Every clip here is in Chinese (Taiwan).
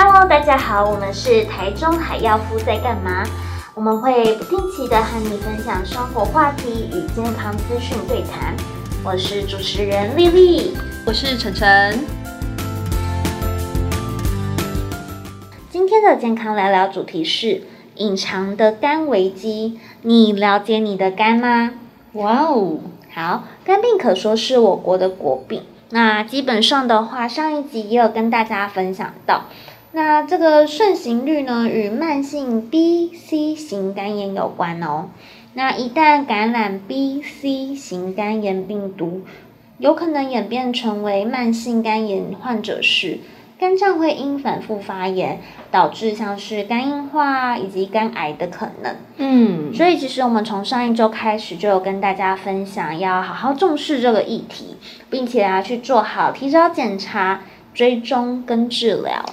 Hello，大家好，我們是台中海藥夫在幹嘛？我們會不定期的和你分享生活話題與健康資訊對談。我是主持人麗麗，我是晨晨。今天的健康聊聊主題是隱藏的肝危機，你了解你的肝嗎？哇哦，好，肝病可說是我國的國病。那基本上的話，上一集也有跟大家分享到。那這個盛行率呢，與慢性 B、C 型肝炎有關哦。那一旦感染 B、C 型肝炎病毒，有可能演變成為慢性肝炎患者時，肝臟會因反復發炎，導致像是肝硬化以及肝癌的可能。嗯，所以其實我們從上一周開始，就有跟大家分享要好好重視這個議題，並且啊去做好提早檢查、追蹤跟治療。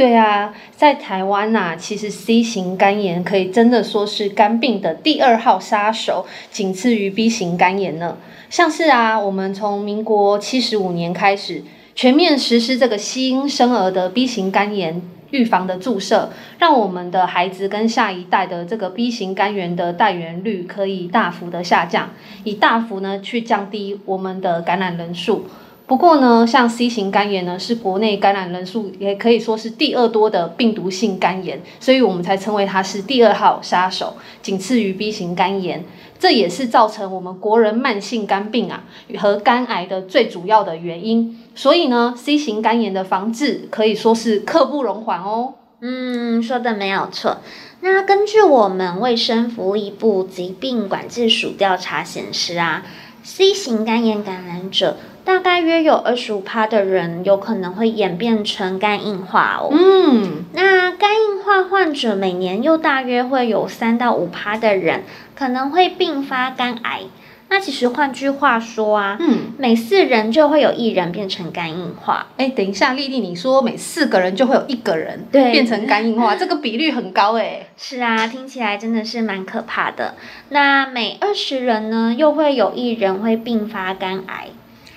對啊，在台灣吶、啊，其實 C 型肝炎可以真的說是肝病的第二號殺手，僅次於 B 型肝炎呢。像是啊，我們從民國七十五年開始全面實施這個新生兒的 B 型肝炎預防的注射，讓我們的孩子跟下一代的這個 B 型肝炎的帶原率可以大幅的下降，以大幅呢去降低我們的感染人數。不過呢，像 C 型肝炎呢，是國內感染人數也可以說是第二多的病毒性肝炎，所以我們才稱為它是第二號殺手，僅次於 B 型肝炎。這也是造成我們國人慢性肝病啊和肝癌的最主要的原因。所以呢，C 型肝炎的防治可以說是刻不容緩哦。嗯，說的沒有錯。那根據我們衛生福利部疾病管制署調查顯示啊，C 型肝炎感染者，大概約有二十五趴的人有可能會演變成肝硬化哦。嗯，那肝硬化患者每年又大約會有三到五趴的人可能會併發肝癌。那其實換句話說啊，嗯，每四人就會有一人變成肝硬化。欸，等一下，麗麗，你說每四個人就會有一個人對，變成肝硬化。對，這個比率很高欸。是啊，聽起來真的是蠻可怕的。那每二十人呢，又會有一人會併發肝癌。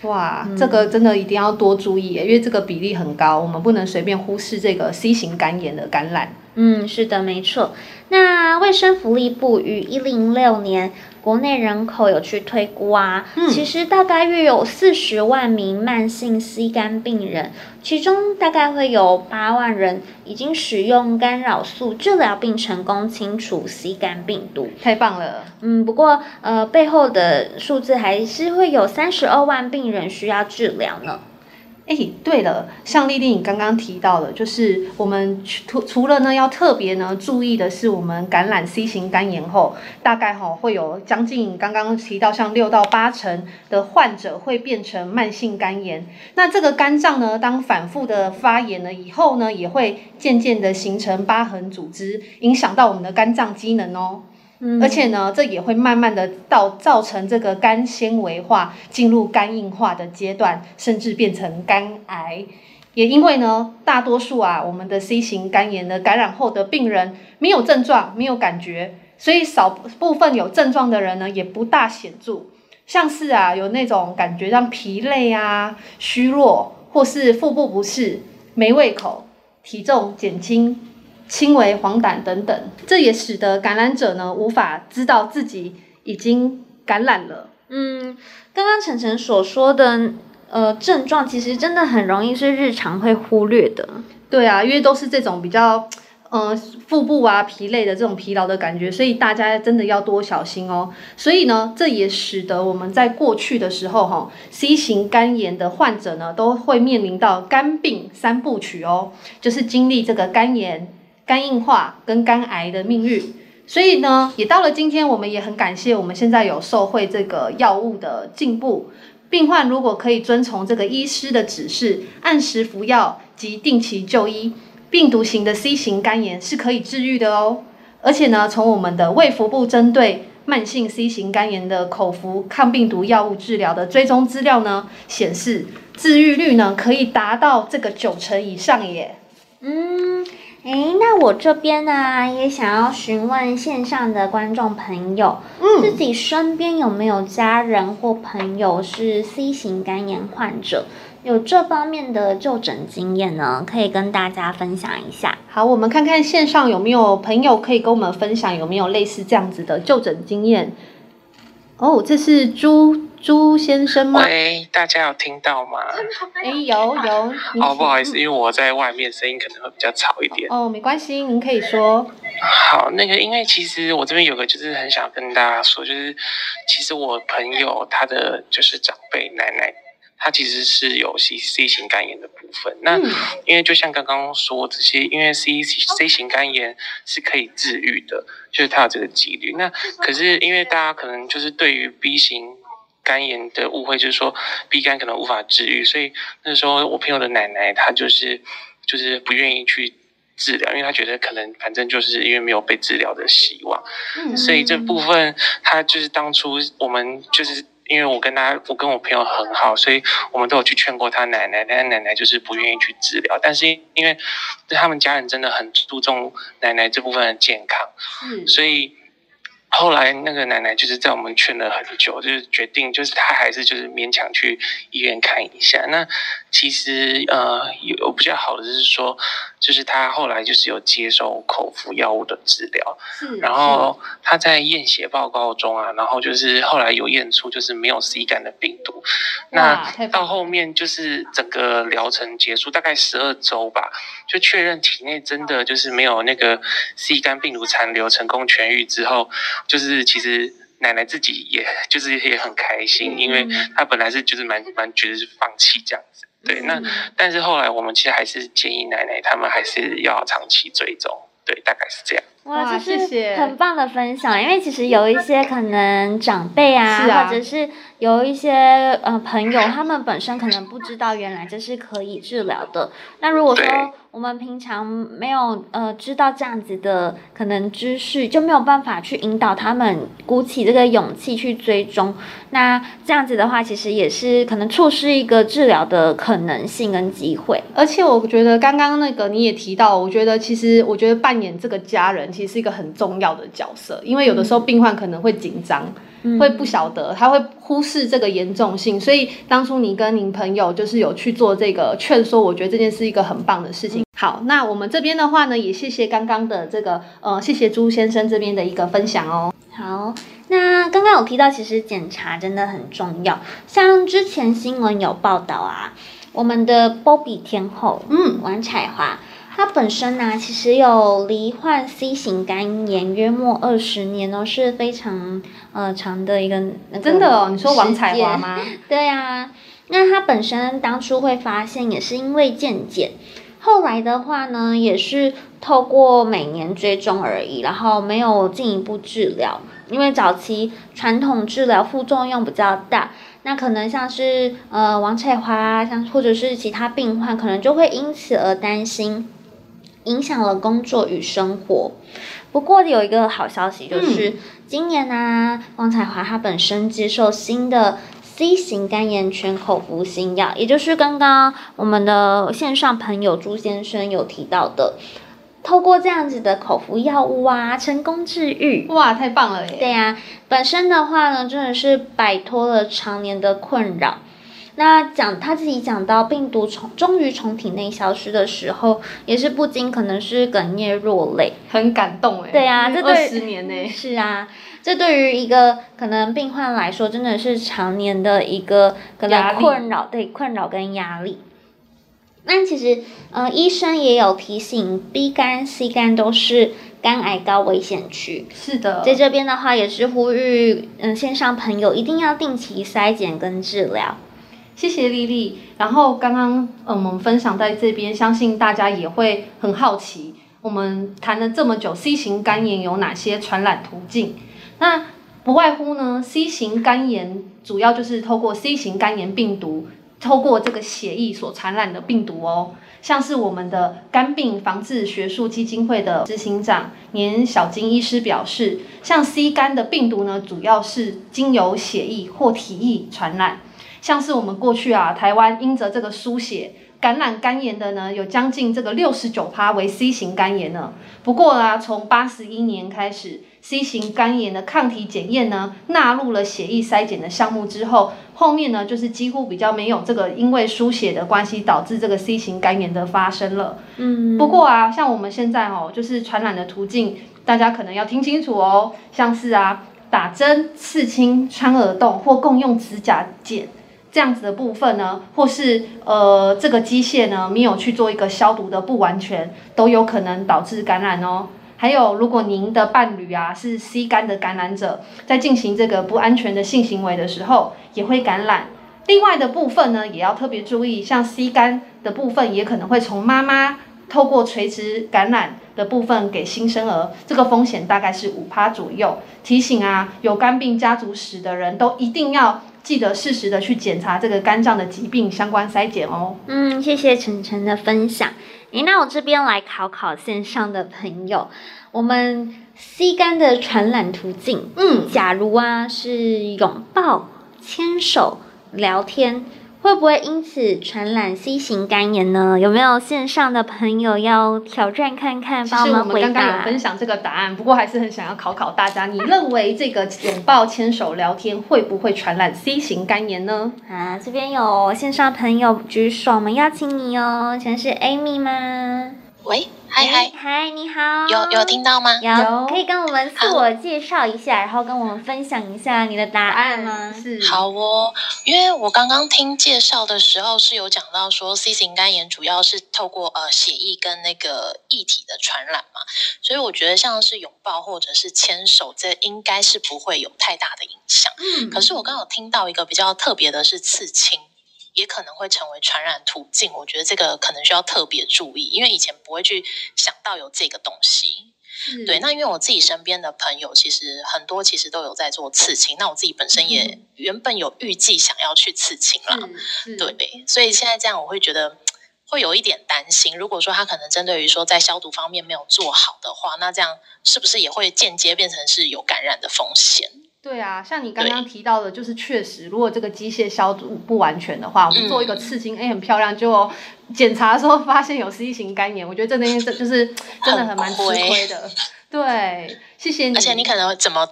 哇，嗯，這個真的一定要多注意耶，因為這個比例很高，我們不能隨便忽視這個 C 型肝炎的感染。嗯，是的，沒錯。那衛生福利部於一零六年，國內人口有去推估啊，嗯、其實大概約有四十萬名慢性 C 肝病人，其中大概會有八萬人已經使用干擾素治療並成功清除 C 肝病毒，太棒了。嗯，不過呃背後的數字還是會有三十二萬病人需要治療呢。哎，對了，像麗麗你剛剛提到的，就是我們除除了呢，要特別呢注意的是，我們感染 C 型肝炎後，大概哈、哦、會有將近剛剛提到，像六到八成的患者會變成慢性肝炎。那這個肝臟呢，當反覆的發炎了以後呢，也會漸漸的形成疤痕組織，影響到我們的肝臟機能哦。而且呢，這也會慢慢的到造成這個肝纖維化，進入肝硬化的階段，甚至變成肝癌。也因為呢，大多數啊，我們的 C 型肝炎的感染後的病人沒有症狀，沒有感覺，所以少部分有症狀的人呢，也不大顯著。像是啊，有那種感覺讓疲累啊、虛弱，或是腹部不適、沒胃口、體重減輕。輕微黃疸等等，這也使得感染者呢無法知道自己已經感染了。嗯，剛剛晨晨所說的呃症狀，其實真的很容易是日常會忽略的。對啊，因為都是這種比較呃腹部啊疲累的這種疲勞的感覺，所以大家真的要多小心哦。所以呢，這也使得我們在過去的時候、哦，哈，C 型肝炎的患者呢都會面臨到肝病三部曲哦，就是經歷這個肝炎。肝硬化跟肝癌的命運，所以呢，也到了今天，我們也很感謝我們現在有受惠這個藥物的進步。病患如果可以遵從這個醫師的指示，按時服藥及定期就醫，病毒型的 C 型肝炎是可以治癒的哦。而且呢，從我們的衛福部針對慢性 C 型肝炎的口服抗病毒藥物治療的追蹤資料呢，顯示治癒率呢可以達到這個九成以上耶。嗯。哎，那我這邊呢，啊，也想要詢問線上的觀眾朋友，嗯，自己身邊有沒有家人或朋友是 C 型肝炎患者，有這方面的就診經驗呢？可以跟大家分享一下。好，我們看看線上有沒有朋友可以跟我們分享，有沒有類似這樣子的就診經驗。哦，這是朱朱先生嗎？喂，大家有聽到嗎？哎、欸，有有。好聽、哦，不好意思，因為我在外面，聲音可能會比較吵一點。哦，沒關係，您可以說。好，那個，因為其實我這邊有個，就是很想跟大家說，就是其實我朋友他的就是長輩奶奶。它其實是有 C C 型肝炎的部分，那因為就像剛剛說這些，因為 C C 型肝炎是可以治癒的，就是它有這個幾率。那可是因為大家可能就是對於 B 型肝炎的誤會，就是說 B 肝可能無法治癒，所以那時候我朋友的奶奶她就是就是不願意去治療，因為她覺得可能反正就是因為沒有被治療的希望，所以這部分她就是當初我們就是。因為我跟他，我跟我朋友很好，所以我們都有去勸過他奶奶，但是奶奶就是不願意去治療。但是因為他們家人真的很注重奶奶這部分的健康，嗯、所以。後來那個奶奶就是在我們勸了很久，就是決定，就是她還是就是勉強去醫院看一下。那其實呃有比較好的就是說，就是她後來就是有接受口服藥物的治療，嗯，然後她在驗血報告中啊，然後就是後來有驗出就是沒有 C 肝的病毒。那到後面就是整個療程結束，大概十二周吧，就確認體內真的就是沒有那個 C 肝病毒殘留，成功痊癒之後。就是其實奶奶自己也就是也很開心，因為她本來是就是蠻蠻覺得是放棄這樣子，對。那但是後來我們其實還是建議奶奶他們還是要長期追蹤，對，大概是這樣。哇，謝謝！很棒的分享，謝謝，因為其實有一些可能長輩啊，啊或者是有一些呃朋友，他們本身可能不知道原來這是可以治療的。那如果說我們平常沒有呃知道這樣子的可能知識，就沒有辦法去引導他們鼓起這個勇氣去追蹤。那這樣子的話，其實也是可能錯失一個治療的可能性跟機會。而且我覺得剛剛那個你也提到，我覺得其實我覺得扮演這個家人。其實是一個很重要的角色，因為有的時候病患可能會緊張，嗯、會不曉得，他會忽視這個嚴重性，嗯、所以當初您跟您朋友就是有去做這個勸說，我覺得這件事是一個很棒的事情。嗯、好，那我們這邊的話呢，也謝謝剛剛的這個，呃，謝謝朱先生這邊的一個分享哦。好，那剛剛有提到，其實檢查真的很重要，像之前新聞有報道啊，我們的保庇天後，嗯，王彩樺。它本身呢、啊，其實有罹患 C 型肝炎，約莫二十年呢、哦，是非常呃長的一個。那個、真的哦，你說王彩華嗎？對啊，那他本身當初會發現也是因為漸漸，後來的話呢，也是透過每年追蹤而已，然後沒有進一步治療，因為早期傳統治療副作用比較大，那可能像是呃王彩華，像或者是其他病患，可能就會因此而擔心。影響了工作與生活。不過有一個好消息，就是、嗯、今年呢、啊，汪彩華他本身接受新的 C 型肝炎全口服新藥，也就是剛剛我們的線上朋友朱先生有提到的，透過這樣子的口服藥物啊，成功治癒，哇，太棒了耶！對呀、啊，本身的話呢，真的是擺脫了常年的困擾。那講他自己講到病毒從終於從體內消失的時候，也是不禁可能是哽咽落淚，很感動哎、欸。對呀、啊，二十年內，是啊，這對於一個可能病患來說，真的是常年的一個可能困擾，壓力。對，困擾跟壓力。那其實嗯、呃，醫生也有提醒，B 肝、C 肝都是肝癌高危險區。是的，在這邊的話也是呼籲，嗯，線上朋友一定要定期篩檢跟治療。謝謝麗麗。然後剛剛，呃，我們分享，在這邊，相信大家也會很好奇。我們談了這麼久，C 型肝炎有哪些傳染途徑？那不外乎呢，C 型肝炎主要就是透過 C 型肝炎病毒，透過這個血液所傳染的病毒哦。像是我們的肝病防治學術基金會的執行長年小金醫師表示，像 C 肝的病毒呢，主要是經由血液或體液傳染。像是我們過去啊，台灣因着這個輸血感染肝炎的呢，有將近這個六十九趴為 C 型肝炎了。不過啊，從八十一年開始，C 型肝炎的抗體檢驗呢，納入了血液篩檢的項目之後，後面呢就是幾乎比較沒有這個因為輸血的關係導致這個 C 型肝炎的發生了。嗯，嗯。不過啊，像我們現在哦，就是傳染的途徑，大家可能要聽清楚哦。像是啊，打針、刺青、穿耳洞或共用指甲剪。這樣子的部分呢，或是呃這個機械呢沒有去做一個消毒的不完全，都有可能導致感染哦。還有，如果您的伴侶啊是 C 肝的感染者，在進行這個不安全的性行為的時候，也會感染。另外的部分呢，也要特別注意，像 C 肝的部分也可能會從媽媽透過垂直感染的部分給新生兒，這個風險大概是五趴左右。提醒啊，有肝病家族史的人都一定要。記得適時的去檢查這個肝臟的疾病相關篩檢哦。嗯，謝謝晨晨的分享。誒，那我這邊來考考線上的朋友，我們 C 肝的傳染途徑，嗯，假如啊是擁抱、牽手、聊天。會不會因此傳染 C 型肝炎呢？有沒有線上的朋友要挑戰看看，幫我們回答？其實我們剛剛有分享這個答案，不過還是很想要考考大家。你認為這個擁抱、牽手、聊天會不會傳染 C 型肝炎呢？啊，這邊有線上朋友舉手，我們邀請你哦。全是 Amy 嗎？喂。嗨嗨，嗨，Hi ,你好，有有聽到嗎？有，有可以跟我們自我介紹一下，好然後跟我們分享一下你的答案嗎？是好哦，因為我剛剛聽介紹的時候是有講到說 C 型肝炎主要是透過呃血液跟那個液體的傳染嘛，所以我覺得像是擁抱或者是牽手，這應該是不會有太大的影響。嗯，可是我剛好聽到一個比較特別的是刺青。也可能會成為傳染途徑，我覺得這個可能需要特別注意，因為以前不會去想到有這個東西。嗯、對，那因為我自己身邊的朋友其實很多，其實都有在做刺青，那我自己本身也原本有預計想要去刺青啦。嗯、對，所以現在這樣我會覺得會有一點擔心。如果說他可能針對於說在消毒方面沒有做好的話，那這樣是不是也會間接變成是有感染的風險？對啊，像你剛剛提到的，對就是確實，如果這個機械消毒不完全的話，嗯、我們做一個刺青，誒很漂亮，就檢查的時候發現有 C 型肝炎，我覺得這東西就是好真的很蠻吃虧的。對，謝謝你。而且你可能怎麼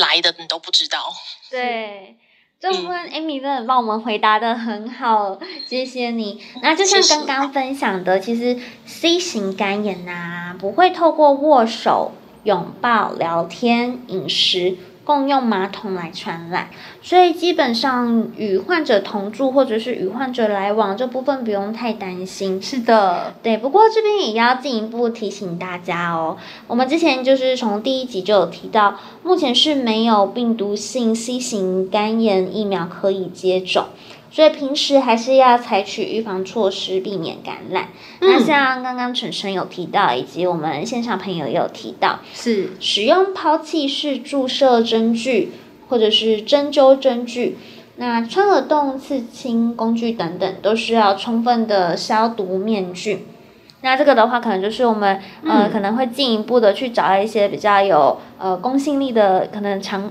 來的你都不知道。對，這部分 Amy 真的，幫我們回答得很好，謝謝你。那就像剛剛分享的，其實，其實 C 型肝炎吶、啊、不會透過握手、擁抱、聊天、飲食。共用馬桶來傳染，所以基本上與患者同住或者是與患者來往這部分不用太擔心。是的，對。不過這邊也要進一步提醒大家哦，我們之前就是從第一集就有提到，目前是沒有病毒性 C 型肝炎疫苗可以接種。所以平時還是要採取預防措施，避免感染。嗯、那像剛剛晨晨有提到，以及我們現場朋友也有提到，是使用拋棄式注射針具或者是針灸針具，那穿耳洞、刺青工具等等，都需要充分的消毒滅菌。那這個的話，可能就是我們、嗯、呃可能會進一步的去找一些比較有呃公信力的，可能長。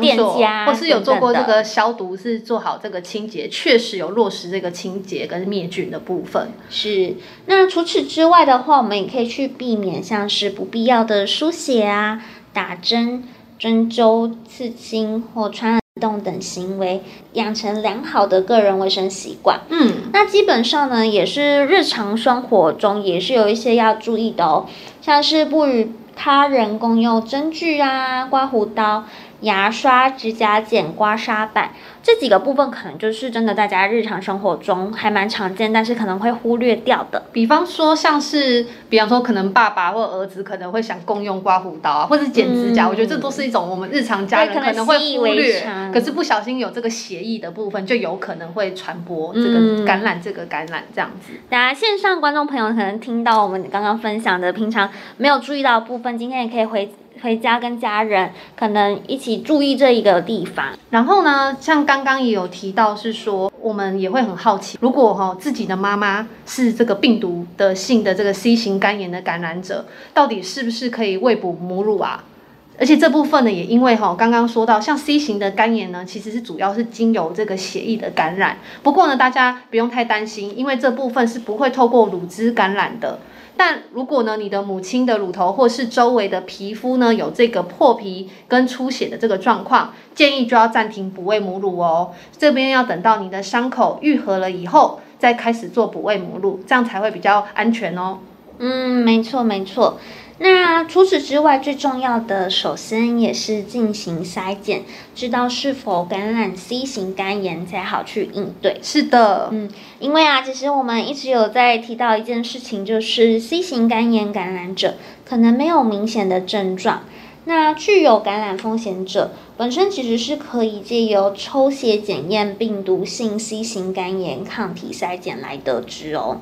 店家或是有做過這個消毒，是做好這個清潔，對確實有落實這個清潔跟滅菌的部分。是。那除此之外的話，我們也可以去避免像是不必要的輸血啊、打針、針灸、刺青或穿耳洞等行為，養成良好的個人衛生習慣。嗯。那基本上呢，也是日常生活中也是有一些要注意的哦，像是不與他人共用針具啊、刮鬍刀。牙刷、指甲剪刮刮、刮痧板這幾個部分，可能就是真的，大家日常生活中還蠻常見，但是可能會忽略掉的。比方說，像是比方說，可能爸爸或兒子可能會想共用刮鬍刀啊，或者是剪指甲，嗯、我覺得這都是一種我們日常家人可能會忽略，可是不小心有這個血液的部分，就有可能會傳播這個感染，嗯、這個感染這樣子。那、啊、線上觀眾朋友可能聽到我們剛剛分享的平常沒有注意到的部分，今天也可以回。回家跟家人可能一起注意這一個地方，然後呢，像剛剛也有提到，是說我們也會很好奇，如果哈、哦、自己的媽媽是這個病毒的性的這個 C 型肝炎的感染者，到底是不是可以餵哺母乳啊？而且這部分呢，也因為哈、哦、剛剛說到，像 C 型的肝炎呢，其實是主要是經由這個血液的感染。不過呢，大家不用太擔心，因為這部分是不會透過乳汁感染的。但如果呢，你的母親的乳頭或是周圍的皮膚呢，有這個破皮跟出血的這個狀況，建議就要暫停哺餵母乳哦。這邊要等到你的傷口愈合了以後，再開始做哺餵母乳，這樣才會比較安全哦。嗯，沒錯，沒錯。那除此之外，最重要的，首先也是進行篩檢，知道是否感染 C 型肝炎才好去應對。是的，嗯，因為啊，其實我們一直有在提到一件事情，就是 C 型肝炎感染者可能沒有明顯的症狀，那具有感染風險者本身其實是可以借由抽血檢驗病毒性 C 型肝炎抗體篩檢來得知哦。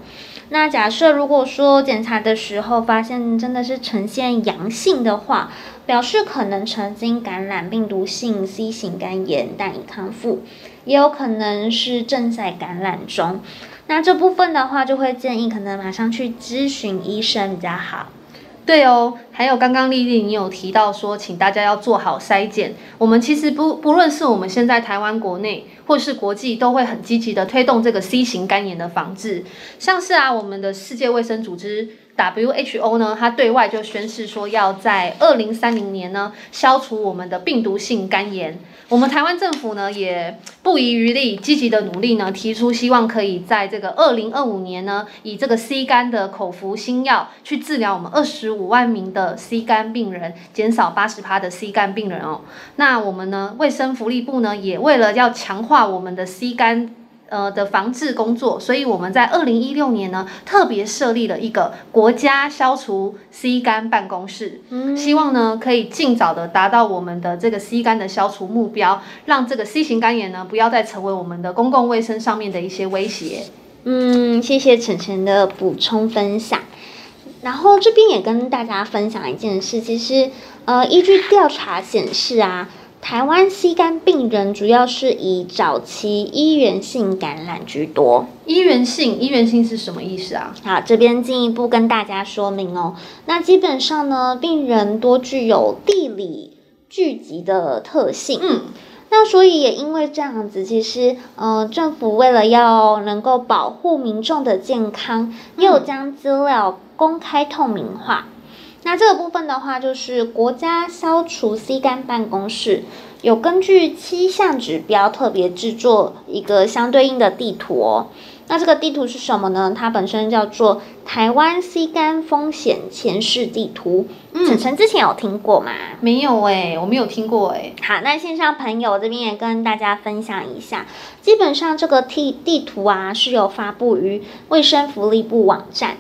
那假設如果說檢查的時候發現真的是呈現陽性的話，表示可能曾經感染病毒性 C 型肝炎但已康復，也有可能是正在感染中。那這部分的話，就會建議可能馬上去諮詢醫生比較好。對哦，還有剛剛麗麗你有提到說，請大家要做好篩檢。我們其實不不論是我們現在台灣國內或是國際，都會很積極的推動這個 C 型肝炎的防治，像是啊我們的世界衛生組織。W H O 呢，它對外就宣示說，要在二零三零年呢，消除我們的病毒性肝炎。我們台灣政府呢，也不遺餘力，積極的努力呢，提出希望可以在這個二零二五年呢，以這個 C 肝的口服新藥去治療我們二十五萬名的 C 肝病人，減少八十趴的 C 肝病人哦。那我們呢，衛生福利部呢，也為了要強化我們的 C 肝。呃的防治工作，所以我們在二零一六年呢，特別設立了一個國家消除 C 肝辦公室，嗯、希望呢可以盡早地達到我們的這個 C 肝的消除目標，讓這個 C 型肝炎呢不要再成為我們的公共衛生上面的一些威脅。嗯，謝謝晨晨的補充分享。然後這邊也跟大家分享一件事，其實呃，依據調查顯示啊。台灣 C 肝病人，主要是以早期醫源性感染居多。醫源性醫源性是什麼意思啊？好，這邊進一步跟大家說明哦。那基本上呢，病人多具有地理聚集的特性，嗯，那所以也因為這樣子，其實，嗯，政府為了要能夠保護民眾的健康，又將資料公開透明化。那這個部分的話，就是國家消除 C 肝辦公室。有根據七項指標，特別制作一個相對應的地圖哦。那這個地圖是什麼呢？它本身叫做台灣 C 肝風險潛勢地圖。嗯，晨晨之前有聽過嗎？沒有誒、欸，我沒有聽過誒、欸，好，那線上朋友這邊也跟大家分享一下。基本上這個地地圖啊，是有發布於衛生福利部網站。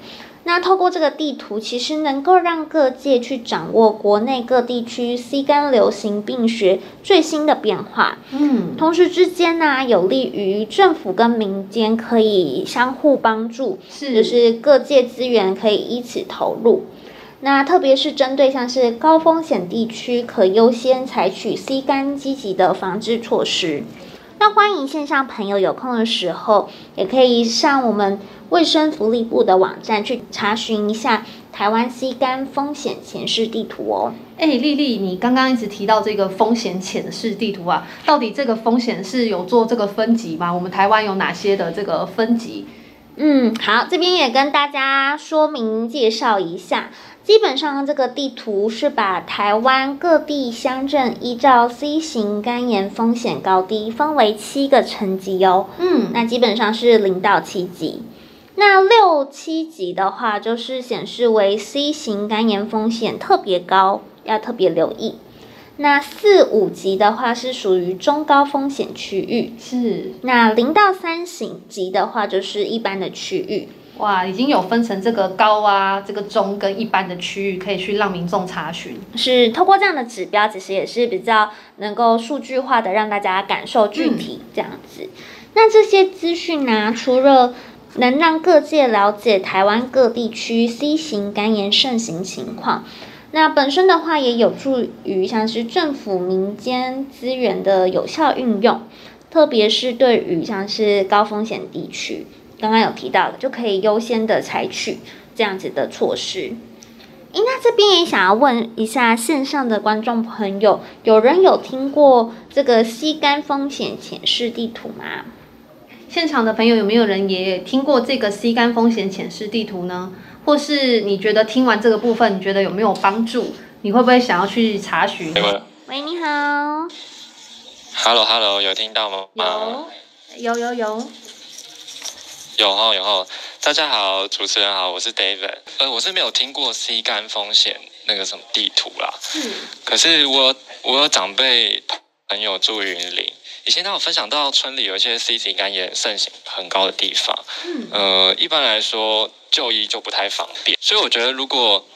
那透過這個地圖，其實能夠讓各界去掌握國內各地區 C 肝流行病學最新的變化。嗯，同時之間呢、啊，有利於政府跟民間可以相互幫助，是就是各界資源可以一起投入。那特別是針對像是高風險地區，可優先採取 C 肝積極的防治措施。那歡迎線上朋友有空的時候，也可以上我們衛生福利部的網站去查詢一下台灣 C 肝風險潛勢地圖哦。哎、欸，麗麗，你剛剛一直提到這個風險潛勢地圖啊，到底這個風險是有做這個分級嗎？我們台灣有哪些的這個分級？嗯，好，這邊也跟大家說明介紹一下。基本上，這個地圖是把台灣各地鄉鎮依照 C 型肝炎風險高低分為七個層級哦。嗯,那基本上是零到七級。那六七級的話，就是顯示為 C 型肝炎風險特別高，要特別留意。那四五級的話，是屬於中高風險區域。是。那零到三級的話，就是一般的區域。哇，已經有分成這個高啊、這個中跟一般的區域，可以去讓民眾查詢。是透過這樣的指標，其實也是比較能夠數據化的，讓大家感受具體、嗯、這樣子。那這些資訊呢、啊，除了能讓各界了解台灣各地區 C 型肝炎盛行情況，那本身的話也有助於像是政府民間資源的有效運用，特別是對於像是高風險地區，剛剛有提到了，就可以優先的採取這樣子的措施。哎，那這邊也想要問一下線上的觀眾朋友，有人有聽過這個 C 肝風險潛勢地圖嗎？現場的朋友有沒有人也聽過這個 C 肝風險潛勢地圖呢？或是你覺得聽完這個部分，你覺得有沒有幫助？你會不會想要去查詢？餵，你好。Hello，Hello，hello, 有聽到嗎？有，有，有，有，有。有哦、哦、有哦、哦，大家好，主持人好，我是 David，呃，我是沒有聽過 C 肝風險那個什麼地圖啦，嗯，可是我我有長輩朋友住雲林，以前他有分享到村裡有一些 C 型肝炎盛行很高的地方，嗯，呃，一般來說就醫就不太方便，所以我覺得如果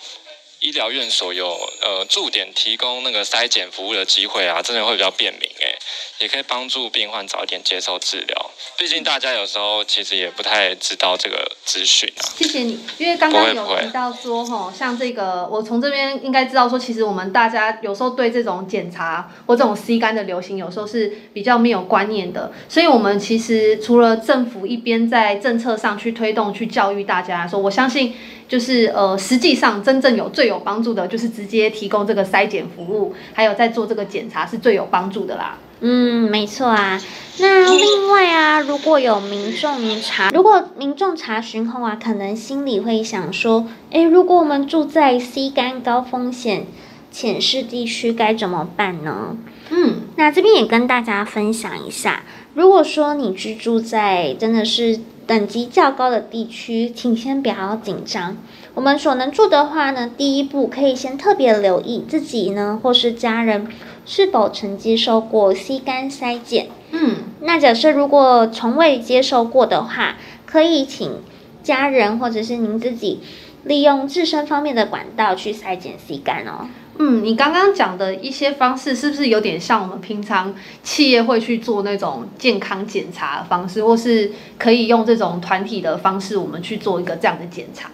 醫療院所有呃駐點提供那個篩檢服務的機會啊，真的會比較便民哎、欸，也可以幫助病患早一點接受治療。畢竟大家有時候其實也不太知道這個資訊啊。謝謝你，因為剛剛有提到說，哈，像這個，我從這邊應該知道說，其實我們大家有時候對這種檢查或這種 C 肝的流行，有時候是比較沒有觀念的。所以，我們其實除了政府一邊在政策上去推動、去教育大家說，說我相信。就是呃，實際上真正有最有幫助的，就是直接提供這個篩檢服務，還有在做這個檢查是最有幫助的啦。嗯，沒錯啊。那另外啊，如果有民眾查，如果民眾查詢後啊，可能心裡會想說，誒，如果我們住在 C 肝高風險潛勢地區，該怎麼辦呢？嗯，那這邊也跟大家分享一下，如果說你居住在真的是。等級較高的地區，請先不要緊張。我們所能做的話呢，第一步可以先特別留意自己呢，或是家人是否曾接受過 C 肝篩檢。嗯，那假設如果從未接受過的話，可以請家人或者是您自己利用自身方面的管道去篩檢 C 肝哦。嗯，你剛剛講的一些方式是不是有點像我們平常企業會去做那種健康檢查的方式，或是可以用這種團體的方式，我們去做一個這樣的檢查？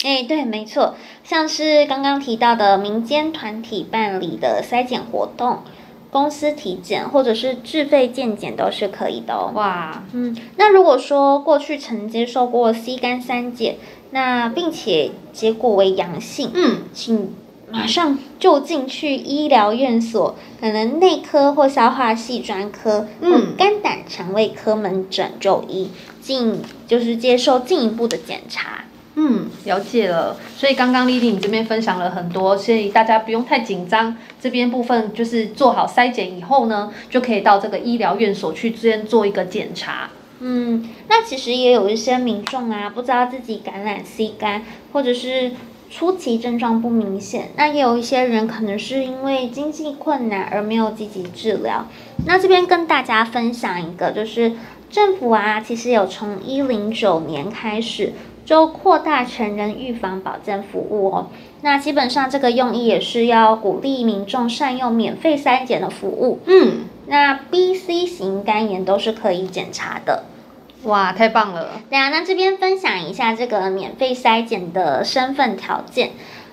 誒、欸，對，沒錯，像是剛剛提到的民間團體辦理的篩檢活動、公司體檢或者是自費健檢都是可以的哦。哇，嗯，那如果說過去曾接受過 C 肝三檢，那並且結果為陽性，嗯，請。馬上就近去醫療院所，可能內科或消化系專科，嗯，肝膽腸胃科門診就醫，進就是接受進一步的檢查。嗯，了解了。所以剛剛麗麗你這邊分享了很多，建議大家不用太緊張。這邊部分就是做好篩檢以後呢，就可以到這個醫療院所去這邊做一個檢查。嗯，那其實也有一些民眾啊，不知道自己感染 C 肝或者是。初期症狀不明顯，那也有一些人可能是因為經濟困難而沒有積極治療。那這邊跟大家分享一個，就是政府啊，其實有從一零九年開始就擴大成人預防保健服務哦。那基本上這個用意也是要鼓勵民眾善用免費篩檢的服務。嗯，那 B、C 型肝炎都是可以檢查的。哇，太棒了！對啊，那這邊分享一下這個免費篩檢的身份條件。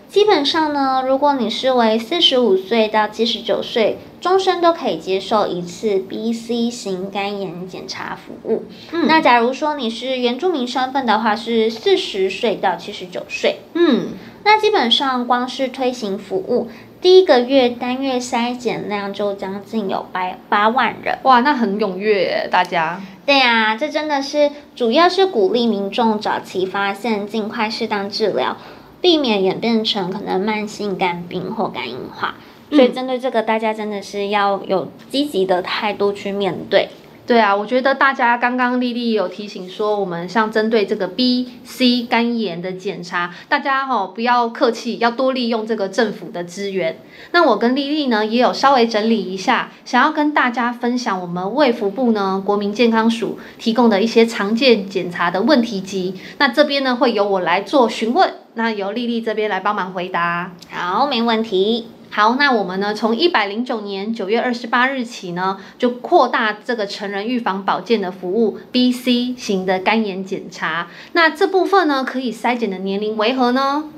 基本上呢，如果你是為四十五歲到七十九歲，終身都可以接受一次 B、C 型肝炎檢查服務。嗯，那假如說你是原住民身份的話，是四十歲到七十九歲。嗯，那基本上光是推行服務。第一個月單月篩檢量就將近有八八萬人。哇，那很踴躍，大家。對啊，這真的是主要是鼓勵民眾早期發現，盡快適當治療，避免演變成可能慢性肝病或肝硬化。所以針對這個，大家真的是要有積極的態度去面對。嗯對啊，我覺得大家剛剛莉莉有提醒說，我們像針對這個 B、C 肝炎的檢查，大家哦不要客氣，要多利用這個政府的資源。那我跟莉莉呢也有稍微整理一下，想要跟大家分享我們衛福部呢國民健康署提供的一些常見檢查的問題集。那這邊呢會由我來做詢問，那由莉莉這邊來幫忙回答。好，沒問題。好，那我們呢？從一百零九年九月二十八日起呢，就擴大這個成人預防保健的服務，B、C 型的肝炎檢查。那這部分呢，可以篩檢的年齡為何呢？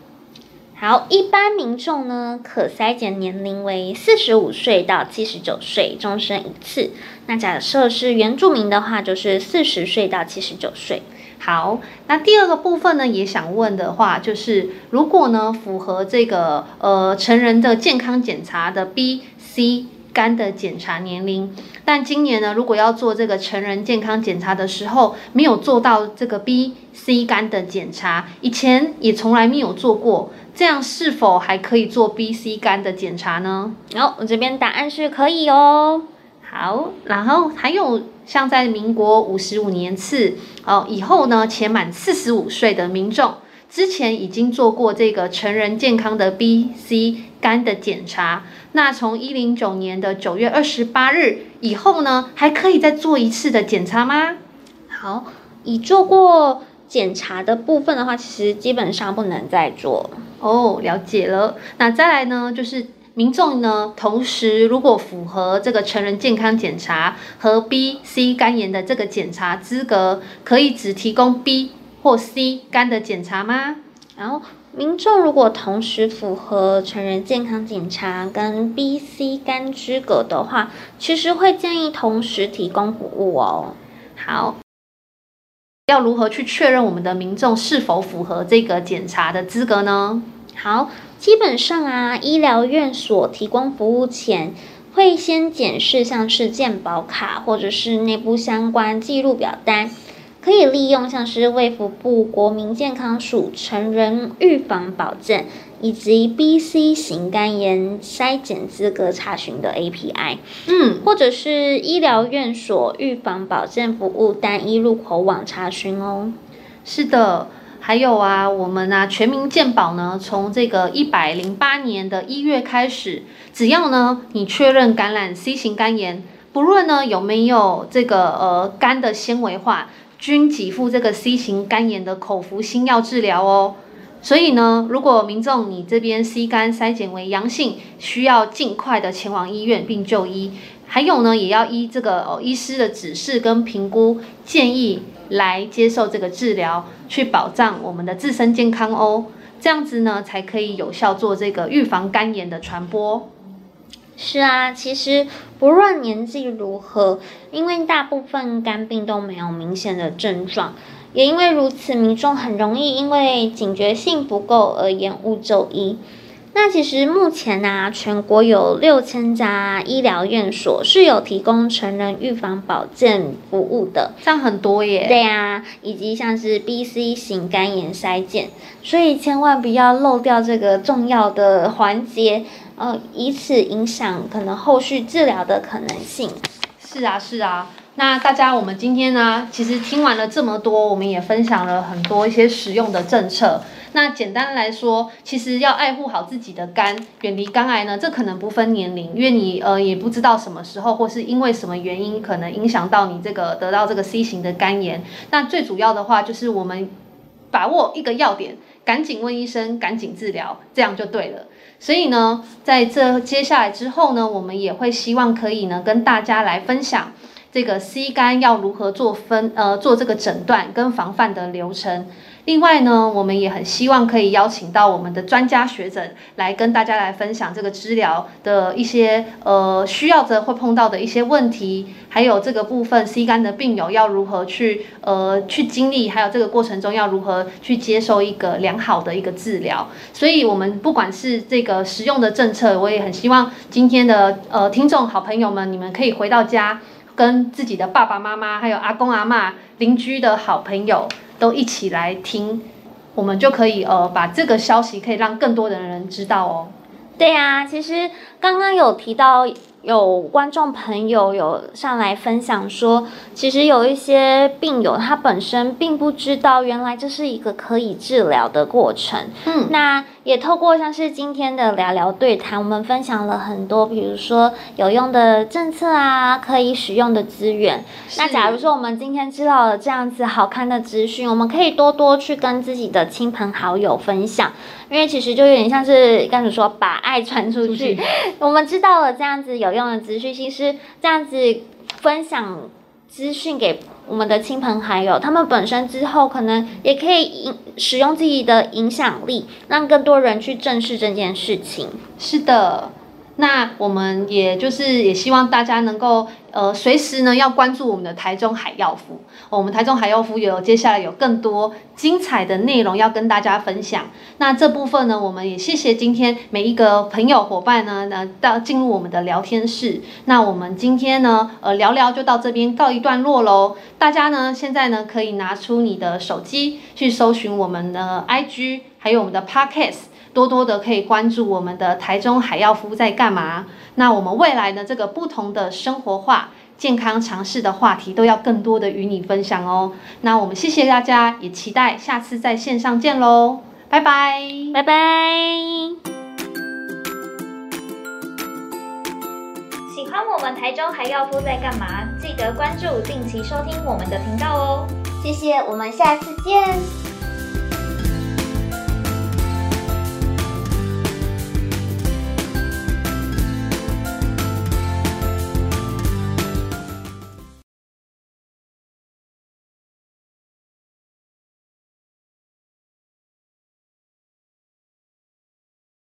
好，一般民眾呢，可篩檢年齡為四十五歲到七十九歲，終身一次。那假設是原住民的話，就是四十歲到七十九歲。好，那第二個部分呢，也想問的話，就是如果呢符合這個呃成人的健康檢查的 B、C 肝的檢查年齡，但今年呢如果要做這個成人健康檢查的時候，沒有做到這個 B、C 肝的檢查，以前也從來沒有做過，這樣是否還可以做 B、C 肝的檢查呢？好，哦，我這邊答案是可以哦。好，然後還有像在民國五十五年次哦以後呢，且滿四十五歲的民眾，之前已經做過這個成人健康的 B、C 肝的檢查，那從一零九年的九月二十八日以後呢，還可以再做一次的檢查嗎？好，已做過檢查的部分的話，其實基本上不能再做哦。了解了，那再來呢，就是。民眾呢，同時，如果符合這個成人健康檢查和 B、C 肝炎的這個檢查資格，可以只提供 B 或 C 肝的檢查嗎？然後，民眾如果同時符合成人健康檢查跟 B、C 肝資格的話，其實會建議同時提供服務哦。好，要如何去確認我們的民眾是否符合這個檢查的資格呢？好，基本上啊，醫療院所提供服務前，會先檢視像是健保卡或者是內部相關記錄表單，可以利用像是衛福部國民健康署成人預防保健以及 B、C 型肝炎篩檢資格查詢的 API，嗯，或者是醫療院所預防保健服務單一入口網查詢哦。是的。還有啊，我們啊，全民健保呢，從這個一百零八年的一月開始，只要呢你確認感染 C 型肝炎，不論呢有沒有這個呃肝的纖維化，均給付這個 C 型肝炎的口服新藥治療哦。所以呢，如果民眾你這邊 C 肝篩檢為陽性，需要盡快的前往醫院並就醫。還有呢，也要依這個哦、呃、醫師的指示跟評估建議。來接受這個治療，去保障我們的自身健康哦，這樣子呢才可以有效做這個預防肝炎的傳播。是啊，其實不論年紀如何，因為大部分肝病都沒有明顯的症狀，也因為如此，民眾很容易因為警覺性不夠而延誤就醫。那其實目前呢、啊，全國有六千家醫療院所是有提供成人預防保健服務的，像很多耶。對呀、啊，以及像是 B、C 型肝炎篩檢，所以千萬不要漏掉這個重要的環節，呃，以此影響可能後續治療的可能性。是啊，是啊。那大家，我們今天呢、啊，其實聽完了這麼多，我們也分享了很多一些實用的政策。那簡單來說，其實要愛護好自己的肝，遠離肝癌呢，這可能不分年齡，因為你呃也不知道什麼時候，或是因為什麼原因，可能影響到你這個得到這個 C 型的肝炎。那最主要的話就是我們把握一個要點，趕緊問醫生，趕緊治療，這樣就對了。所以呢，在這接下來之後呢，我們也會希望可以呢跟大家來分享這個 C 肝要如何做分呃做這個診斷跟防範的流程。另外呢，我們也很希望可以邀請到我們的專家學者來跟大家來分享這個治療的一些呃需要的會碰到的一些問題，還有這個部分 C 肝的病友要如何去呃去經歷，還有這個過程中要如何去接受一個良好的一個治療。所以，我們不管是這個實用的政策，我也很希望今天的呃聽眾好朋友們，你們可以回到家。跟自己的爸爸媽媽，還有阿公阿嬤、鄰居的好朋友都一起來聽，我們就可以呃把這個消息可以讓更多的人知道哦。對呀，啊，其實剛剛有提到有觀眾朋友有上來分享說，其實有一些病友他本身並不知道，原來這是一個可以治療的過程。嗯，那。也透過像是今天的聊聊對談，我們分享了很多，比如說有用的政策啊，可以使用的資源。是那假如說我們今天知道了這樣子好看的資訊，我們可以多多去跟自己的親朋好友分享，因為其實就有點像是剛才說，把愛傳出去。嗯、我們知道了這樣子有用的資訊，其實這樣子分享。資訊給我們的親朋好友，他們本身之後可能也可以引使用自己的影響力，讓更多人去正視這件事情。是的。那我們也就是也希望大家能夠呃隨時呢要關注我們的台中海耀福，我們台中海耀福有接下來有更多精彩的內容要跟大家分享。那這部分呢，我們也謝謝今天每一個朋友夥伴呢，那到進入我們的聊天室。那我們今天呢，呃聊聊就到這邊告一段落嘍。大家呢現在呢可以拿出你的手機去搜尋我們的 IG，還有我們的 Podcast。多多的可以關注我們的台中海藥夫在幹嘛？那我們未來的這個不同的生活化、健康嘗試的話題都要更多的與你分享哦。那我們謝謝大家，也期待下次在線上見嘍！拜拜，拜拜 bye。喜歡我們台中海藥夫在幹嘛？記得關注，定期收聽我們的頻道哦。謝謝，我們下次見。